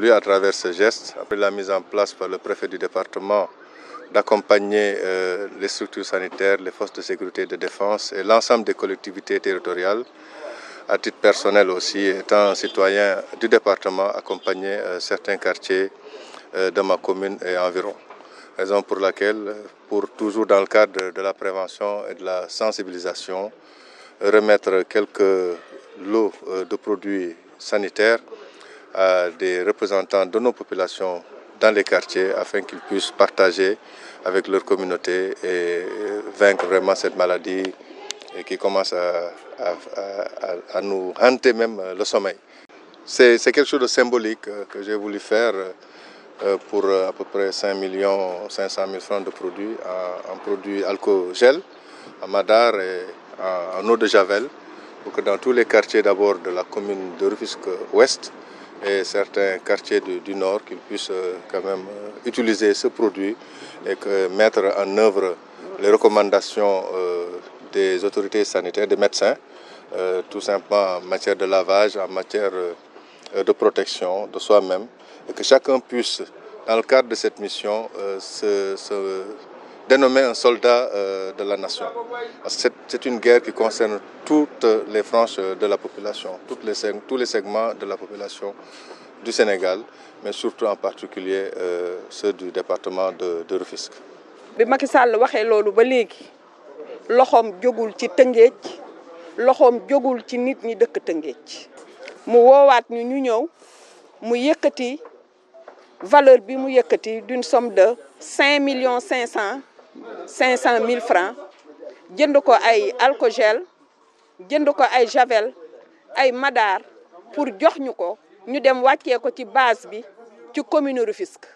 Lui, à travers ce geste, après la mise en place par le préfet du département, d'accompagner euh, les structures sanitaires, les forces de sécurité et de défense et l'ensemble des collectivités territoriales. À titre personnel aussi, étant citoyen du département, accompagner euh, certains quartiers euh, de ma commune et environ. Raison pour laquelle, pour toujours dans le cadre de la prévention et de la sensibilisation, remettre quelques lots de produits sanitaires à des représentants de nos populations dans les quartiers afin qu'ils puissent partager avec leur communauté et vaincre vraiment cette maladie et qui commence à, nous hanter même le sommeil. C'est quelque chose de symbolique euh, que j'ai voulu faire euh, pour euh, à peu près 5 millions 500 000 francs de produits en, produit produits alcool-gel, en madar et en, eau de javel pour que dans tous les quartiers d'abord de la commune de rufusque ouest et certains quartiers du, Nord qu'ils puissent euh, quand même euh, utiliser ce produit et que mettre en œuvre les recommandations euh, des autorités sanitaires, des médecins, tout simplement en matière de lavage, en matière de protection de soi-même, et que chacun puisse, dans le cadre de cette mission, se dénommer un soldat euh, de la nation. C'est une guerre qui concerne toutes les franches euh, de la population, toutes les, tous les segments de la population du Sénégal, mais surtout en particulier euh, ceux du département de, de Rufisque. bi Macky Sall waxé lolu ba légui loxom jógul ci Tëngéej loxom jógul ci nit ñi dëkk Tëngéej mu woowaat ñu ñu ñëw mu yëkëti valeur bi mu yëkëti d'une somme de 5 500 500 000 francs jënd ko ay alcogel jënd ko ay javel ay madar pour jox ñu ko que dem wàccee ko ci base bi ci commune Rufisque